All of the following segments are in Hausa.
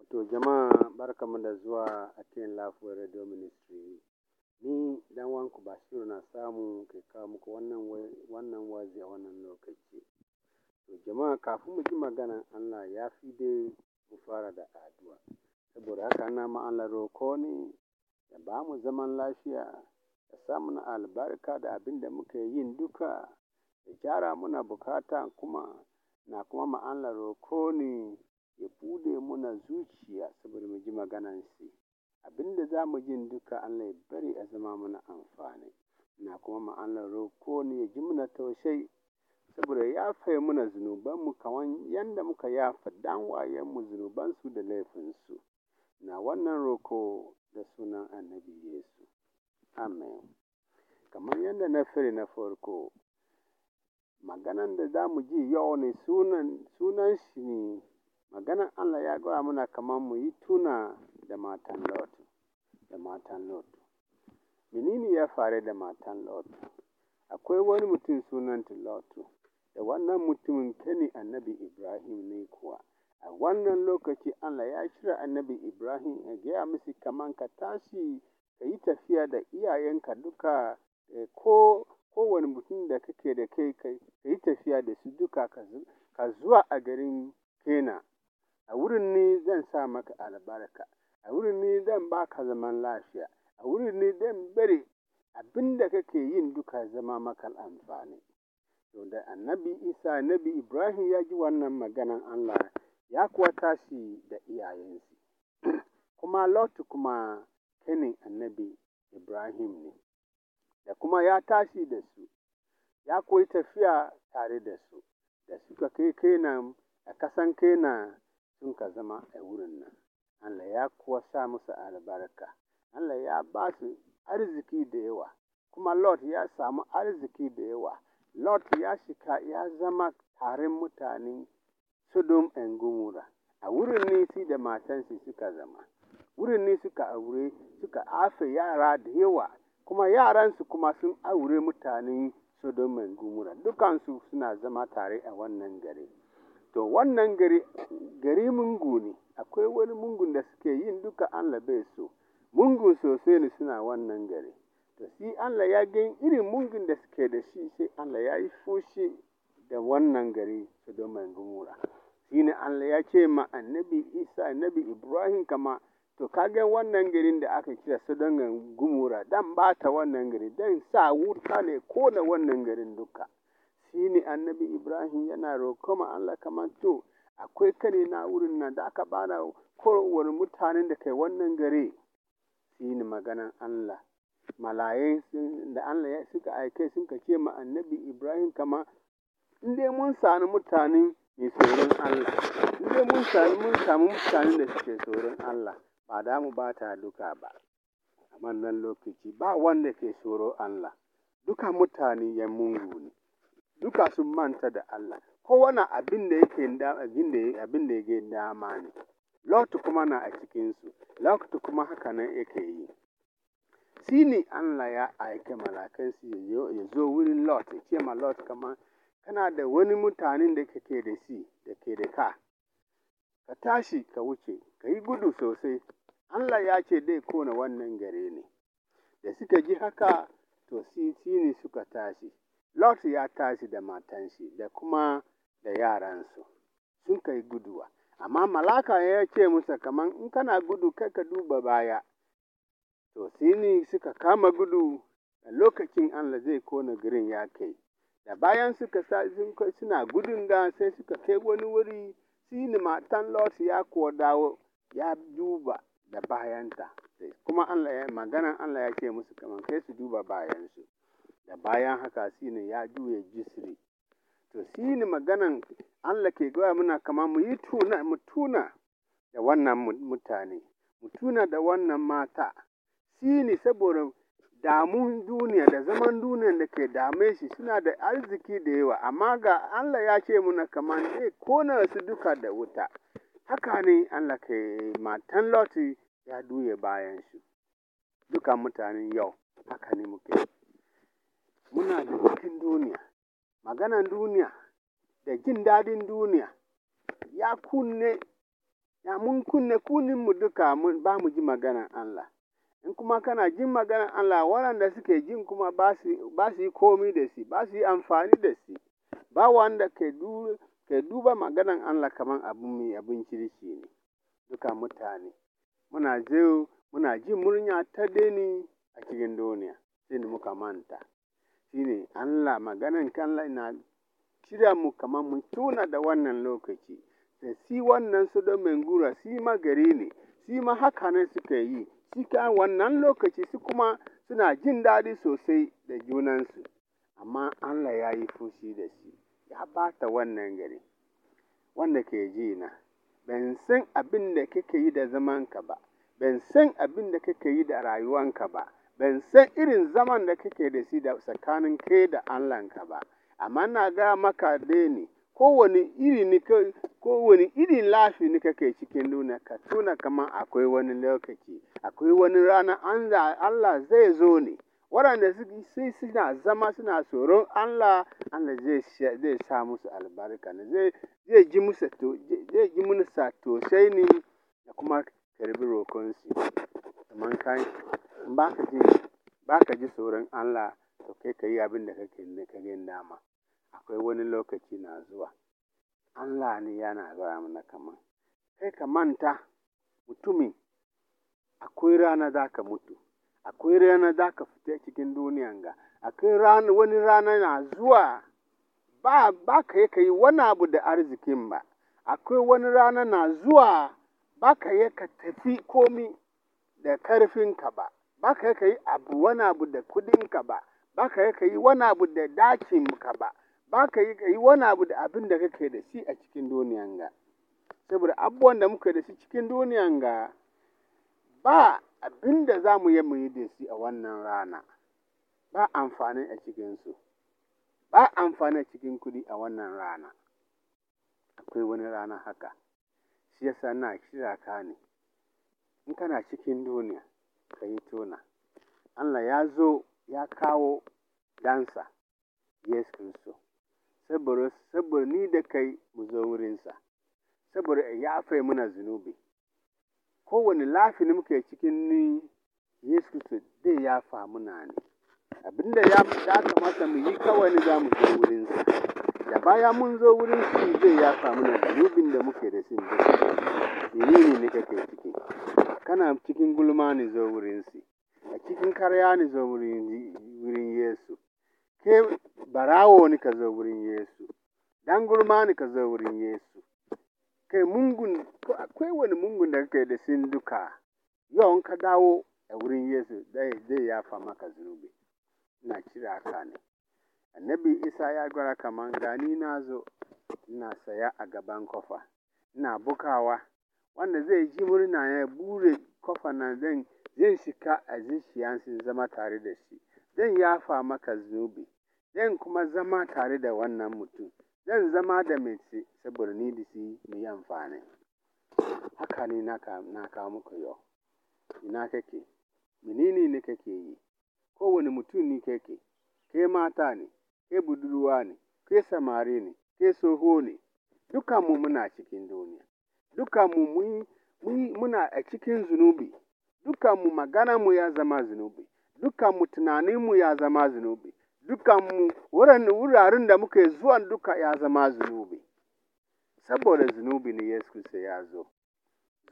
wato jama'a mu da zuwa a cikin Lafiyar Radio Ministry. Ni dan wanku Bashiru na samu ke kawo muku wannan wannan wazi a wannan lokaci. To jama'a kafin mu ji maganan Allah ya fi dai mu fara da addu'a. Saboda haka na ma Allah roko ne ya ba mu zaman lafiya ya sa mana albarka da abin da muke yin duka ya gyara muna bukata kuma na kuma ma Allah roko ne ya buɗe muna zuciya saboda mu ji shi abinda za mu jin duka Allah ya bari a zama mana amfani na kuma ma'anar roko ne ya ji muna taushe saboda ya faye muna zunubanmu kawan yanda muka yafa mu zunubansu da laifinsu na wannan roko da sunan annabi Yesu amen kamar yanda na fere na farko maganan da za mu ji yau ne sunan shi ne Maganar Allah ya ga mana kamar mu yi tuna da matan Lot, da matan Lot. Menene ya faru da matan Lot? Akwai wani mutum ta Lot, da wannan mutumin kani annabi Ibrahim ne kuwa. A wannan lokaci Allah ya shirya annabi Ibrahim ya gaya musu kamar ka tashi ka yi tafiya da iyayenka duka eh, ko kowane mutum da kake da kai ka yi tafiya da su duka ka zuwa a garin Kena. A wurin ne zan sa maka albarka, a wurin ne zan ba zaman lafiya, a wurin ne zan bari abin da kake yin duka zama maka amfani. To da Annabi Isa, Annabi Ibrahim ya ji wannan maganan Allah, ya kuwa tashi da iyayensu kuma Lot kuma kenin Annabi Ibrahim ne, da kuma ya tashi da su, ya koyi tafiya tare da su, da suka kai Kenan a kasan Kenan sun ka zama a wurin nan. Allah ya kuwa sa musu albarka, Allah ya ba su arziki da yawa, kuma Lot ya samu arziki da yawa. Lot ya shika ya zama tare mutanen Sodom and Gomorrah. A wurin ne shi da matansu suka zama, wurin ne suka aure, suka afe yara da yawa, kuma yaransu kuma sun aure mutanen Sodom and Gomorrah. Dukansu suna zama tare a wannan gari. To wannan gari, gari mungu ne, akwai wani mungun da suke yin duka Allah bai so, Mungu sosai ne suna wannan gari. To shi Allah ya gan irin mungun da suke da shi sai Allah ya yi fushi da wannan gari Sodoma da Gumura Shi ne Allah ya ce ma annabi Isa, annabi Ibrahim kama To ka kaga wannan garin da aka kira Sodoma da Gumura dan ta wannan gari dan sa wuta ne kona wannan garin duka. shine annabi Ibrahim yana roƙon Allah kamar to akwai kare na wurin nan da aka bada korowar mutanen da kai wannan gare shine maganan Allah malaye da Allah ya suka aike sun kace ma annabi Ibrahim kama inda dai mun sami mutanen mai tsoron Allah inda mun sami mun sami mutanen da suke tsoron Allah ba da mu ba ta duka ba a wannan lokaci ba wanda ke tsoro Allah duka mutane ya mungu ne duka sun manta da Allah kowane na abin da yake da yake dama ne Lot kuma na a cikinsu Lot kuma haka nan yake yi shi ne Allah ya aike malakansu ya zo wurin Lot ya ce ma Lot kama kana da wani mutanen da kake da shi da ke da ka ka tashi ka wuce ka yi gudu sosai Allah ya ce dai kona wannan gare ne da suka ji haka to shi ne suka tashi Lot ya tashi da matanshi da kuma da yaransu, sun kai guduwa, amma malaka ya ce musu kamar in kana gudu kai ka duba baya. To sini suka kama gudu da lokacin Allah zai kona girin ya kai. Da bayan suka suna gudun da sai suka kai wani wuri, sini matan Lot ya kuwa dawo ya duba da bayanta. Kuma Allah ya maganan Allah ya ce musu kamar kai su duba bayansu. da bayan haka shine ya juye jisri to sini maganan Allah ke gaya muna kama mu yi tuna mu tuna da wannan mutane mu tuna da wannan mata Sini saboda damun duniya da zaman duniya da ke dame shi suna da arziki da yawa amma ga Allah ya ce muna kama ne eh, kona su duka da wuta haka ne Allah ke matan Loti ya duye bayan shi dukan mutanen yau haka ne muke Muna da cikin duniya, maganan duniya, da jin daɗin duniya. Ya kunne, ya mun kunne kunninmu duka ba mu ji maganan Allah. In kuma kana jin maganan Allah, waɗanda suke jin kuma ba su yi komi da shi, ba su yi amfani da shi. Ba wanda ke duba maganan Allah kamar abin mai abin kirki ne, duka mutane. Muna jin murya ta deni a cikin duniya, sai da muka manta. shi ne Allah, maganan Allah na kira mu kamar mun tuna da wannan lokaci. Da shi wannan Sodom Gura shi ma gari ne, shi ma haka ne suka yi, shi ka wannan lokaci su kuma suna jin daɗi sosai da junansu. Amma Allah ya yi fushi da shi, ya bata wannan gari. Wanda ke ji na, ban san abin da kake yi da zamanka ba, ban san abin da kake yi da rayuwanka ba. ban san irin zaman da kake da shi da tsakanin kai da Allahnka ba, amma na ga maka dai ne, kowane iri ne kowane iri lafi ne kake cikin nuna ka tuna kamar akwai wani lokaci, akwai wani rana an Allah zai zo ne. Waɗanda sai suna zama suna tsoron Allah, Allah zai sa musu albarka ne, zai ji musu tosai ne da kuma karbi roƙonsu. Kamar kai, in ba ka ji ba ka ji tsoron Allah to kai ka yi abin da kake ka ga dama akwai wani lokaci na zuwa Allah ne yana gaya mana kaman kai ka manta mutumi akwai rana za ka mutu akwai rana za ka fita cikin duniyan ga akwai rana wani rana na zuwa ba ba ka yi ka yi wani abu da arzikin ba akwai wani rana na zuwa ba ka yi ka tafi komi da karfinka ba ba ka ka yi abu wani abu da kudinka ba ba ka ka yi wani abu da dakinka ba ba ka yi ka yi wani abu da abin da kake da shi a cikin duniyan ga saboda abubuwan da muka da shi cikin duniyan ga ba abin da za mu yi mu yi da shi a wannan rana ba amfani a cikin su, ba amfani a cikin kuɗi a wannan rana akwai wani rana haka shi yasa na kira ka ne in kana cikin duniya ka yi tona. Allah ya zo ya kawo dansa, Yesu Kristo, saboda, ni da kai mu zo wurinsa, saboda ya yafe muna zunubi. Kowane lafin muke cikin ni, Yesu Kiristo zai yafa muna ne. Abinda ya kamata mu yi kawai ni za mu zo wurinsa. Da baya mun zo wurin shi zai yafa na zunubin da muke da shi. Menene ne kake ciki? Kana cikin gulma ni zo wurinsu, a cikin karya ne zo wurin Yesu, ke barawo ni ka zo wurin Yesu, ɗan gulma ni ka zo wurin Yesu. Kai mungun, akwai wani mungun da kai da sin duka, yawon ka dawo a wurin Yesu zai yafa maka zunubi. na kira ka ne. Annabi Isa ya gwara kamar gani na zo, ina saya a gaban kofa, ina bukawa. wanda zai ji murna ya buɗe kofa na zan zai shika a zuciya sun zama tare da shi. Zan yafa maka zunubi, zan kuma zama tare da wannan mutum, zan zama da mai saboda ni da shi mu yi amfani. Haka ne na kawo muku yau. Ina kake? Menene ne kake yi? Kowane mutum ne kake, ke mata ne, ke budurwa ne, ke samari ne, ke tsoho ne, dukanmu muna cikin duniya. Dukanmu muna a cikin zunubi, dukanmu mu ya zama zunubi, dukanmu tunaninmu ya zama zunubi, dukanmu wuraren da muke zuwan duka ya zama zunubi. Saboda zunubi ne Yesu Kiristi ya zo,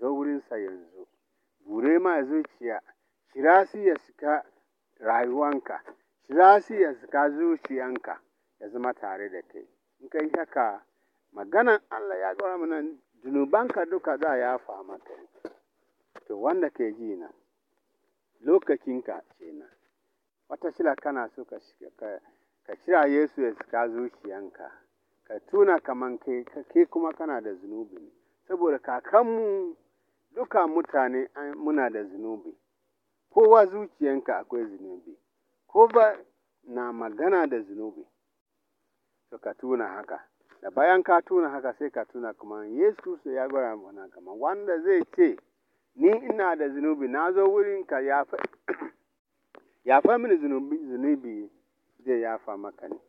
zo wurinsa yanzu, bure ma zuciya, shira shi ya suka rayuwanka, kira shi ya suka zuciyanka, ya zama tare da kai. In kai haka, maganan Allah ya gwada mana zunubanka duka za a yafa maka. To wanda ke ji na, lokacinka kenan. Wata shila kana so ka, ka cira Yesu ya ka zuciyanka, ka tuna kaman kai, ke kuma kana da zunubi. Saboda kakanmu duka mutane muna da zunubi, kowa zuciyanka akwai zunubi, ko ba na magana da zunubi, to ka tuna haka. da bayan ka tuna haka sai ka tuna kuma Yesu sai ya gwara mana kuma. wanda zai ce ni ina da zunubi na zo wurin ka ya fa mini zunubi zai fa maka ne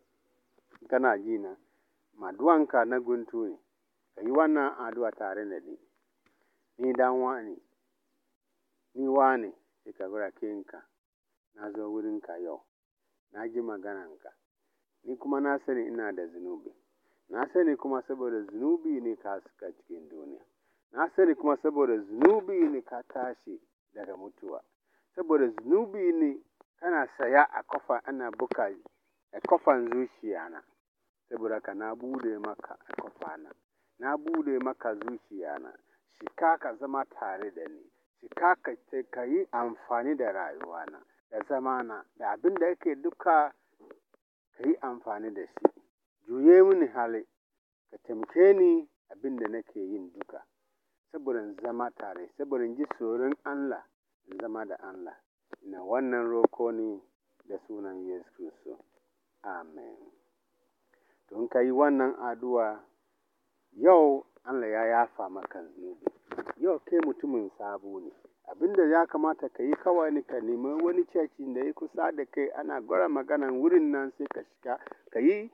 kana ji na maduwanka na guntu ne ka yi wannan addu'a tare da ni ni dan wani ni wani sai ka gwara kinka na zo wurin ka yau na ji magananka ni kuma na sani ina da zunubi na sani kuma saboda zunubi ne ka suka cikin duniya na sani kuma saboda zunubi ne ka tashi daga mutuwa saboda zunubi ne kana saya a kofa ana buka a kofan zuciya na saboda ka na bude maka a kofa na na bude maka zuciya na shika ka zama tare da ni shika ka ka yi amfani da rayuwa na da zamana da abin da yake duka ka yi amfani da shi Juye mini hali, ka taimake ni abin da nake yin duka, saboda in zama tare, saboda in ji tsoron Allah, in zama da Allah. Ina wannan roko ne da sunan Yesu Kristo Amen. To in ka yi wannan addu'a, yau Allah ya yafa maka zunubi. Yau kai mutumin sabo ne. Abin da ya kamata ka yi kawai ne ka nemi wani cocin da ya kusa da kai ana gwara maganan wurin nan sai ka shiga ka yi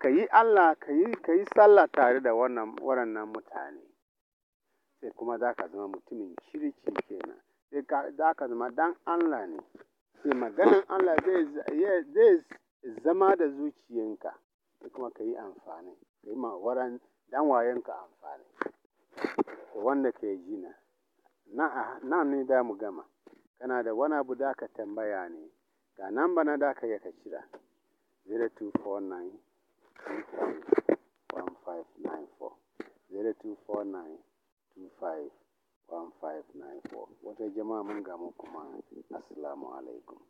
ka yi Allah, ka yi, ka yi sallah tare da wannan waɗannan mutane. Sai kuma za ka zama mutumin kirki kenan. Sai za ka zama dan Allah ne. Sai maganan Allah zai zama da zuciyanka. Sai kuma ka yi amfani, ka yi ma waran dan wayanka amfani. Wanda ka yi na na ne da mu gama. Kana da wani abu da ka tambaya ne. Ga nan bana da ka yi ka kira. 0249 one five nine wata jama'a mun gamu kuma assalamu alaikum